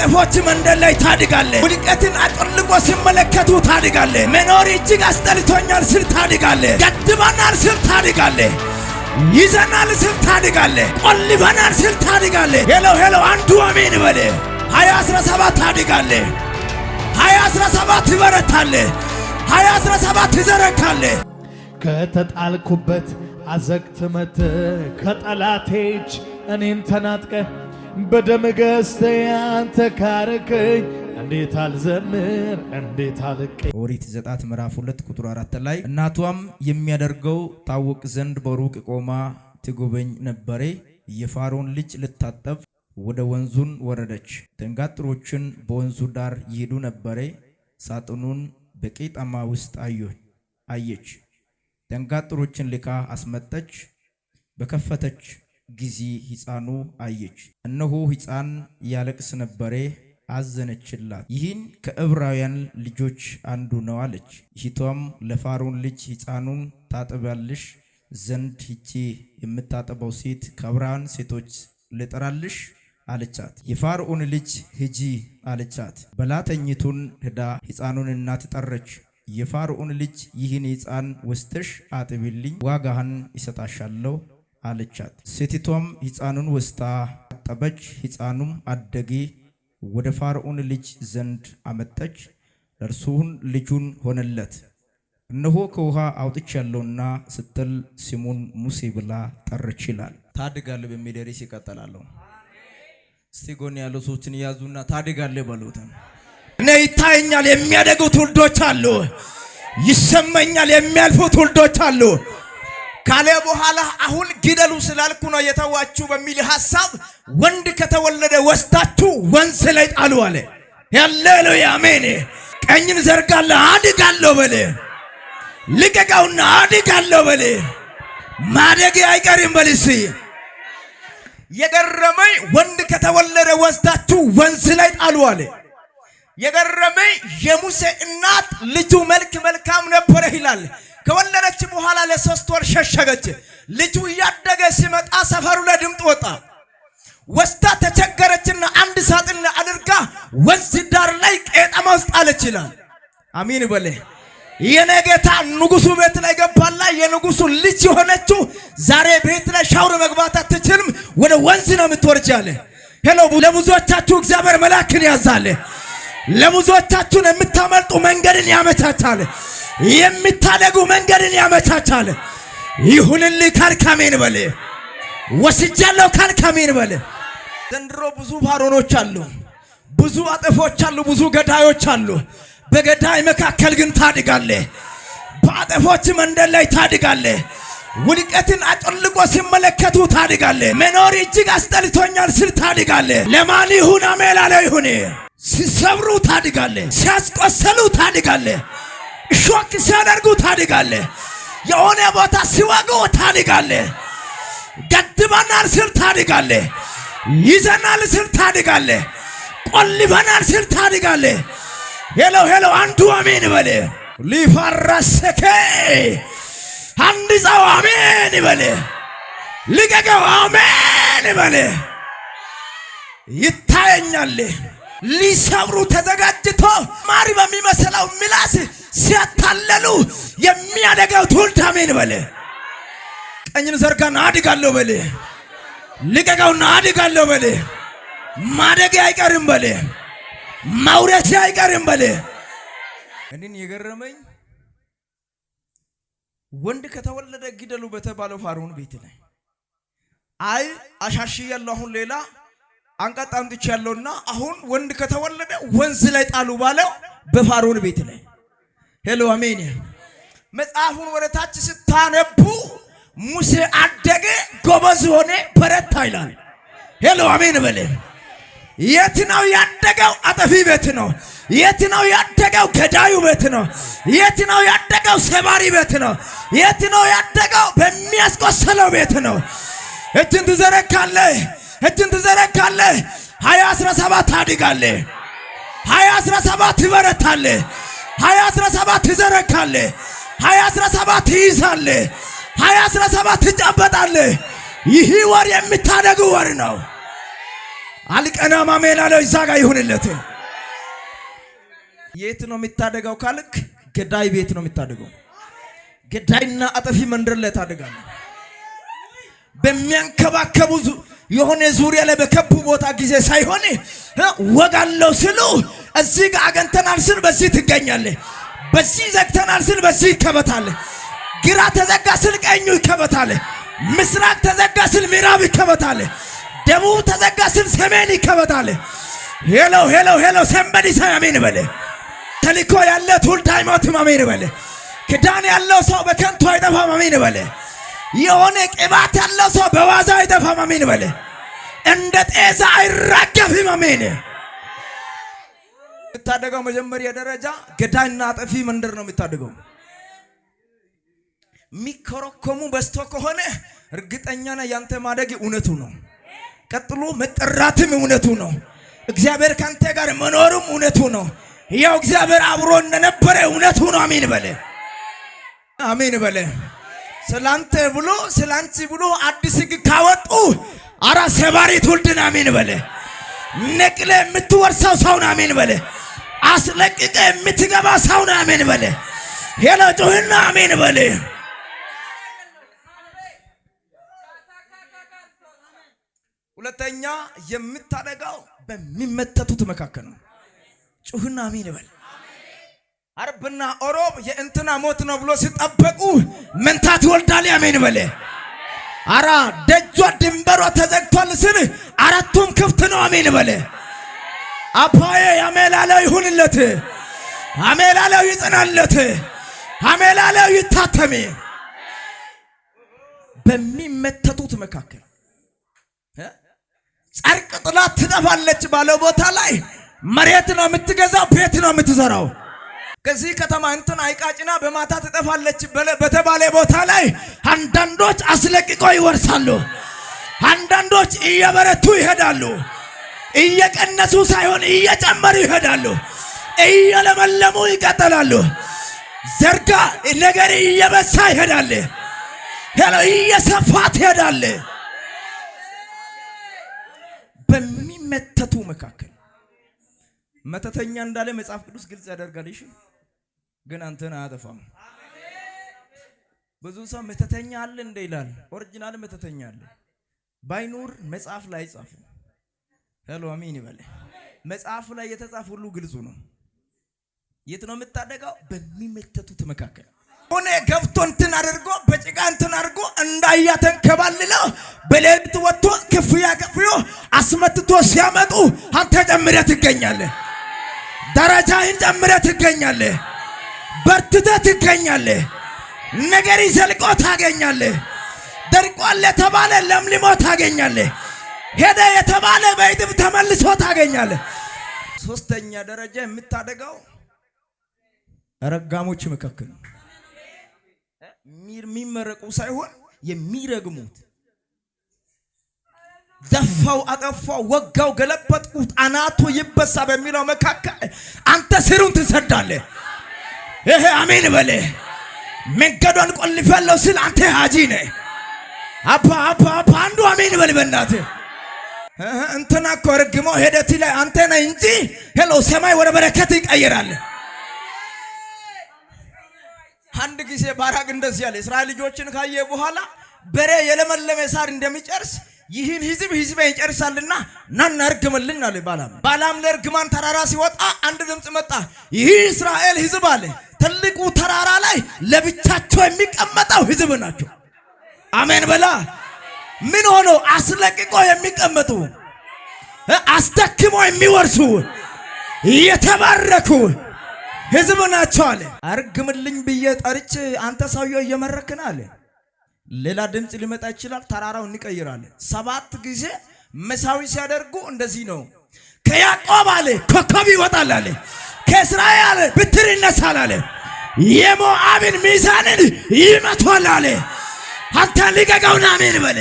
ጤፎች መንደር ላይ ታድጋለ። ውድቀትን አጥርልቆ ሲመለከቱ ታድጋለ። መኖር እጅግ አስጠልቶኛል ስል ታድጋለ። ገድበናል ስል ታድጋለ። ይዘናል ስል ታድጋለ። ቆልበናል ስል ታድጋለ። ሄሎ ሄሎ፣ አንዱ አሜን በለ። ሀያ አስራ ሰባት ታድጋለ። ሀያ አስራ ሰባት ይበረታለ። ሀያ አስራ ሰባት ይዘረካለ። ከተጣልኩበት አዘግትመት ከጠላቴ እጅ እኔን ተናጥቀ በደም ገዝተህ አንተ ካረከኝ እንዴት አልዘምር እንዴት አልቀ ኦሪት ዘጸአት ምዕራፍ ሁለት ቁጥር አራት ላይ እናቷም የሚያደርገው ታወቅ ዘንድ በሩቅ ቆማ ትጎበኝ ነበረ። የፋሮን ልጅ ልታጠብ ወደ ወንዙን ወረደች። ደንጋጥሮችን በወንዙ ዳር ይሄዱ ነበረ። ሳጥኑን በቄጠማ ውስጥ አየች። ደንጋጥሮችን ልካ አስመጠች። በከፈተች ጊዜ ሕፃኑ አየች፣ እነሆ ሕፃን ያለቅስ ነበረ፣ አዘነችላት። ይህን ከዕብራውያን ልጆች አንዱ ነው አለች። እህቷም ለፋሮን ልጅ ሕፃኑን ታጠባልሽ ዘንድ ይቺ የምታጠባው ሴት ከዕብራውያን ሴቶች ልጠራልሽ አለቻት። የፋርዖን ልጅ ሂጂ አለቻት። በላተኝቱን ሄዳ ሕፃኑን እናት ጠረች። የፋርዖን ልጅ ይህን ሕፃን ወስደሽ አጥቢልኝ፣ ዋጋህን ይሰጣሻለሁ አለቻት። ሴቲቷም ሕፃኑን ወስታ አጠበች። ሕፃኑም አደጌ ወደ ፋርዖን ልጅ ዘንድ አመጠች። እርሱን ልጁን ሆነለት። እነሆ ከውሃ ያለውና ስትል ስሙን ሙሴ ብላ ጠራች ይላል። ታድጋለ በሚል ርዕስ ይቀጥላለሁ። እስቲ ጎን ያሉ ሰዎችን ያዙና ታድጋለ በሉት። እኔ ይታየኛል የሚያደጉ ትውልዶች አሉ። ይሰማኛል የሚያልፉ ትውልዶች አሉ። ካለ በኋላ አሁን ግደሉ ስላልኩ ነው የተዋችሁ በሚል ሐሳብ ወንድ ከተወለደ ወስታችሁ ወንዝ ላይ ጣሉ አለ። ሃሌሉያ አሜን። ቀኝን ዘርጋለ አድጋለሁ በለ ልቀቀውና አድጋለሁ በለ ማደግ አይቀርም በልስ። የገረመኝ ወንድ ከተወለደ ወስታችሁ ወንዝ ላይ ጣሉ አለ። የገረመኝ የሙሴ እናት ልጁ መልክ መልካም ነበረ ይላል ከወለደች በኋላ ለሶስት ወር ሸሸገች። ልጁ እያደገ ሲመጣ ሰፈሩ ለድምጥ ወጣ። ወስታ ተቸገረችና አንድ ሳጥን አድርጋ ወንዝ ዳር ላይ ቄጠማ ውስጥ አለች ይላል። አሚን በለ። የኔ ጌታ ንጉሱ ቤት ላይ ገባላ። የንጉሱ ልጅ የሆነችው ዛሬ ቤት ላይ ሻውር መግባት አትችልም፣ ወደ ወንዝ ነው የምትወርጅ አለ። ሄሎ ለብዙዎቻችሁ እግዚአብሔር መልአክን ያዛለ። ለብዙዎቻችሁን የምታመልጡ መንገድን ያመቻቻለ። የሚታደጉ መንገድን ያመቻቻል። ይሁንልህ ካልካሜን በል ወስጃለሁ ካልካሜን በል። ዘንድሮ ብዙ ባሮኖች አሉ፣ ብዙ አጠፎች አሉ፣ ብዙ ገዳዮች አሉ። በገዳይ መካከል ግን ታድጋለ። በአጠፎች መንደር ላይ ታድጋለ። ውድቀትን አጥልቆ ሲመለከቱ ታድጋለ። መኖር እጅግ አስጠልቶኛል ስል ታድጋለ። ለማን ይሁን አሜላለ ይሁን ሲሰብሩ ታድጋለ። ሲያስቆሰሉ ታድጋለ። ሾክ ሲያደርጉ ታድጋለ። የሆነ ቦታ ሲወጉ ታድጋለ። ገድበናል ስል ታድጋለ። ይዘናል ስል ታድጋለ። ቆልበናል ስል ታድጋለ። ሄሎ ሄሎ፣ አንዱ አሜን በለ። ሊፈረሰከ አንድ ሰው አሜን በለ። ልቀቀው አሜን በለ። ይታየኛል ሊሰብሩ ተዘጋጅቶ ማሪ በሚመስለው ምላስ ሲያታለሉ የሚያደገው ትውልድ አሜን በል። ቀኝን ዘርጋና አድጋለሁ በል። ልቀቀውና አድጋለሁ በል። ማደግ አይቀርም በል። ማውረሴ አይቀርም በል። እኔን የገረመኝ ወንድ ከተወለደ ግደሉ በተባለው ፋርዖን ቤት ላይ አይ አሻሽያለሁ አሁን ሌላ አንቀጥ አምጥቼ ያለውና አሁን ወንድ ከተወለደ ወንዝ ላይ ጣሉ ባለው በፋሮን ቤት ላይ ሄሎ አሜን። መጽሐፉን ወደ ታች ስታነቡ ሙሴ አደገ፣ ጎበዝ ሆነ፣ በረታ ይላል። ሄሎ አሜን በለ። የት ነው ያደገው? አጠፊ ቤት ነው። የት ነው ያደገው? ገዳዩ ቤት ነው። የት ነው ያደገው? ሰባሪ ቤት ነው። የት ነው ያደገው? በሚያስቆሰለው ቤት ነው። እጅን ትዘረካለህ እጅን ትዘረጋለህ። ሀያ አስራ ሰባት ታድጋለህ። ሀያ አስራ ሰባት ትበረታለህ። ሀያ አስራ ሰባት ትዘረጋለህ። ሀያ አስራ ሰባት ትይዛለህ። ሀያ አስራ ሰባት ትጨበጣለህ። ይህ ወር የሚታደጉ ወር ነው። አልቀና ማሜላ ለው እዛ ጋር ይሁንለት። የት ነው የሚታደገው ካልክ ገዳይ ቤት ነው የሚታደገው። ገዳይና አጠፊ መንደር ላይ ታደጋለህ በሚያንከባከቡ የሆነ ዙሪያ ላይ በከቡ ቦታ ጊዜ ሳይሆን ወጋለው ስሉ እዚህ ጋር አገንተናል ስል በዚህ ትገኛለህ። በዚህ ዘግተናል ስል በዚህ ይከበታለህ። ግራ ተዘጋ ስል ቀኙ ይከበታለህ። ምስራቅ ተዘጋ ስል ምዕራብ ይከበታለህ። ደቡብ ተዘጋ ስል ሰሜን ይከበታለህ። ሄሎ ሄሎ ሄሎ ሰንበዲ ሰው አሜን በለ። ተልኮ ያለ ትውልድ ሃይማኖትም አሜን በለ። ክዳን ያለው ሰው በከንቱ አይጠፋም አሜን በለ። የሆነ ቅባት ያለው ሰው በዋዛ አይጠፋም። አሜን በለ። እንደ ጤዛ አይራገፍም። አሜን የምታደገው መጀመሪያ ደረጃ ገዳይና አጠፊ መንደር ነው የምታደገው። ሚኮረኮሙ በዝቶ ከሆነ እርግጠኛ ነህ ያንተ ማደግ እውነቱ ነው። ቀጥሎ መጠራትም እውነቱ ነው። እግዚአብሔር ካንተ ጋር መኖርም እውነቱ ነው። ያው እግዚአብሔር አብሮ እንደነበረ እውነቱ ነው። አሜን በለ። አሜን በለ። ስላንተ ብሎ ስላንቺ ብሎ አዲስ ህግ ካወጡ አራ ሰባሪ ትውልድን አሜን በለ። ነቅለ የምትወርሰው ሰውን አሜን በለ። አስለቅቀ የምትገባ ሰውን አሜን በለ። ሄሎ ጩህና አሜን በለ። ሁለተኛ የምታደጋው በሚመተቱት መካከል ነው። ጩህና አሜን በለ። አርብና ኦሮብ የእንትና ሞት ነው ብሎ ሲጠበቁ መንታ ትወልዳል። አሜን በለ። አራ ደጇ ድንበሯ ተዘግቷል ስል አራቱም ክፍት ነው። አሜን በለ። አባዬ አሜላለው ይሁንለት፣ አሜላለው ይጽናለት፣ አሜላለው ይታተሜ። በሚመተቱት መካከል ጨርቅ ጥላት ትጠፋለች ባለው ቦታ ላይ መሬት ነው የምትገዛው፣ ቤት ነው የምትዘራው። ከዚህ ከተማ እንትን አይቃጭና በማታ ትጠፋለች በተባለ ቦታ ላይ አንዳንዶች አስለቅቆ ይወርሳሉ። አንዳንዶች እየበረቱ ይሄዳሉ። እየቀነሱ ሳይሆን እየጨመሩ ይሄዳሉ። እየለመለሙ ይቀጠላሉ። ዘርጋ ነገር እየበሳ ይሄዳል። ሄሎ እየሰፋ ትሄዳል። በሚመተቱ መካከል መተተኛ እንዳለ መጽሐፍ ቅዱስ ግልጽ ያደርጋል። ግን አንተን አያጠፋም። ብዙ ሰው መተተኛ አለ እንደ ይላል። ኦሪጂናል መተተኛ አለ። ባይኖር መጽሐፍ ላይ ጻፉ። ሄሎ አሚን ይበል። መጽሐፉ ላይ የተጻፈ ሁሉ ግልጹ ነው። የት ነው የምታደገው? በሚመተቱት መካከል ሆነ ገብቶ እንትን አድርጎ በጭቃ እንትን አድርጎ እንዳያተንከባልለው በሌሊት ወጥቶ ክፍያ ከፍዮ አስመትቶ ሲያመጡ አንተ ጨምረህ ትገኛለህ። ደረጃህን ጨምረህ ትገኛለህ። በርትተህ ትገኛለህ። ነገር ዘልቆ ታገኛለ ደርቋል የተባለ ለምልሞ ታገኛለ ሄደ የተባለ በእጥፍ ተመልሶ ታገኛለህ። ሶስተኛ ደረጃ የምታደገው ረጋሞች መካከል የሚመረቁ ሳይሆን የሚረግሙት ደፋው፣ አጠፋው፣ ወጋው፣ ገለበጥኩት፣ አናቶ ይበሳ በሚለው መካከል አንተ ስሩን ትሰዳለህ። ይሄ አሜን በለ። መንገዷን ቆልፌያለሁ ስል አንተ ሀጂ ነህ። አባ አባ አባ አንዱ አሜን በል በእናትህ እንትና እኮ ርግሞ ሄደት ላይ አንተ ነህ እንጂ ሄሎ ሰማይ ወደ በረከት ይቀይራል። አንድ ጊዜ ባራቅ እንደዚህ ያለ እስራኤል ልጆችን ካየ በኋላ በሬ የለመለመ ሳር እንደሚጨርስ ይህን ህዝብ ህዝብ ይጨርሳልና ናና እርግምልን አለ ባላም። ባላም ለእርግማን ተራራ ሲወጣ አንድ ድምፅ መጣ። ይህ እስራኤል ህዝብ አለ ትልቁ ተራራ ላይ ለብቻቸው የሚቀመጠው ህዝብ ናቸው። አሜን በላ። ምን ሆኖ አስለቅቆ የሚቀመጡ አስደክሞ የሚወርሱ የተባረኩ ህዝብ ናቸው አለ። አርግምልኝ ብዬ ጠርች አንተ ሰውዬው እየመረክን አለ። ሌላ ድምፅ ሊመጣ ይችላል። ተራራው እንቀይራለን። ሰባት ጊዜ መሳዊ ሲያደርጉ እንደዚህ ነው። ከያዕቆብ አለ ኮከብ ይወጣል አለ ከእስራኤል ብትር ይነሳል አለ። የሞዓብን ሚዛንን ይመቷል አለ። አንተን ልቀቀውና አሜን በለ።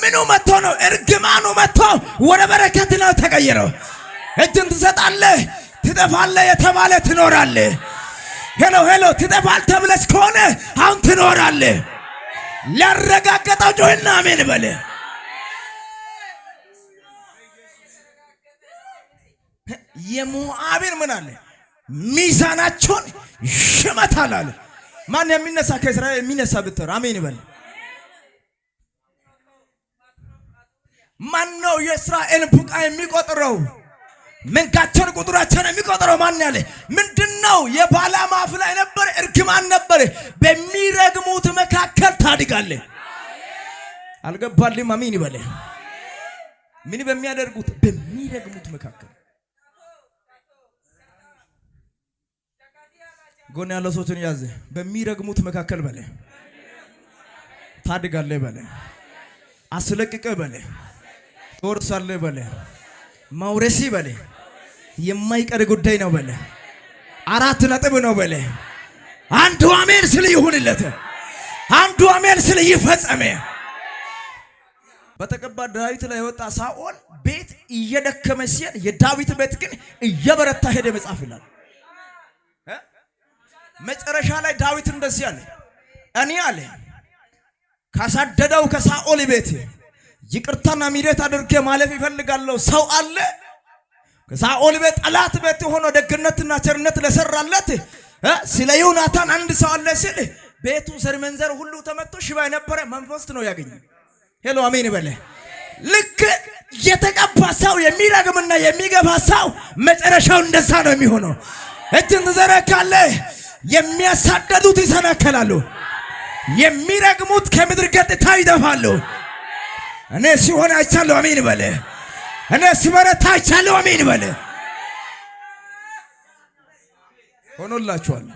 ምኑ መጥቶ ነው? እርግማኑ መጥቶ ወደ በረከት ነው ተቀየረው። እጅን ትሰጣለህ፣ ትጠፋለህ የተባለ ትኖራለህ። ሄሎ ሄሎ፣ ትጠፋል ተብለች ከሆነ አሁን ትኖራለህ። ሊያረጋገጠው ጮህና አሜን በለ። የሞዓብን ምን አለ ሚዛናቸውን ይሸመታል አለ። ማን የሚነሳ ከእስራኤል የሚነሳ ብትር አሜን ይበል። ማን ነው የእስራኤል ቡቃ የሚቆጥረው? መንጋቸውን ቁጥራቸውን የሚቆጥረው ማን ያለ ምንድን ነው? የባላም አፍ ላይ ነበር፣ እርግማን ነበር። በሚረግሙት መካከል ታድጋለ። አልገባልም? አሜን ይበል። ምን በሚያደርጉት በሚረግሙት መካከል ጎን ያለው ሰውትን ያዘ። በሚረግሙት መካከል በለ ታድጋለህ በለ አስለቅቀ በለ ትወርሳለህ በለ ማውረሲ በለ የማይቀር ጉዳይ ነው በለ አራት ነጥብ ነው በለ አንዱ አሜን ስል ይሁንለት። አንዱ አሜን ስል ይፈጸመ። በተቀባ ዳዊት ላይ የወጣ ሳኦል ቤት እየደከመ ሲል የዳዊት ቤት ግን እየበረታ ሄደ መጽሐፍ ይላል። መጨረሻ ላይ ዳዊት እንደዚህ አለ፣ እኔ አለ ካሳደደው ከሳኦል ቤት ይቅርታና ምሕረት አድርጌ ማለፍ ይፈልጋለሁ። ሰው አለ ከሳኦል ቤት ጠላት ቤት ሆኖ ደግነትና ቸርነት ለሰራለት ስለ ዮናታን አንድ ሰው አለ ሲል ቤቱ መንዘር ሁሉ ተመቶ ሽባ የነበረ መንፈስት ነው ያገኘ። ሄሎ አሜን በለ። ልክ የተቀባ ሰው የሚረግምና የሚገባ ሰው መጨረሻው እንደዛ ነው የሚሆነው። እጅን ትዘረጋለህ። የሚያሳደዱት ይሰናከላሉ፣ የሚረግሙት ከምድር ገጥታ ይደፋሉ። እኔ ሲሆን አይቻለሁ። አሜን በለ። እኔ ሲበረታ አይቻለሁ። አሜን በለ። ሆኖላችኋል።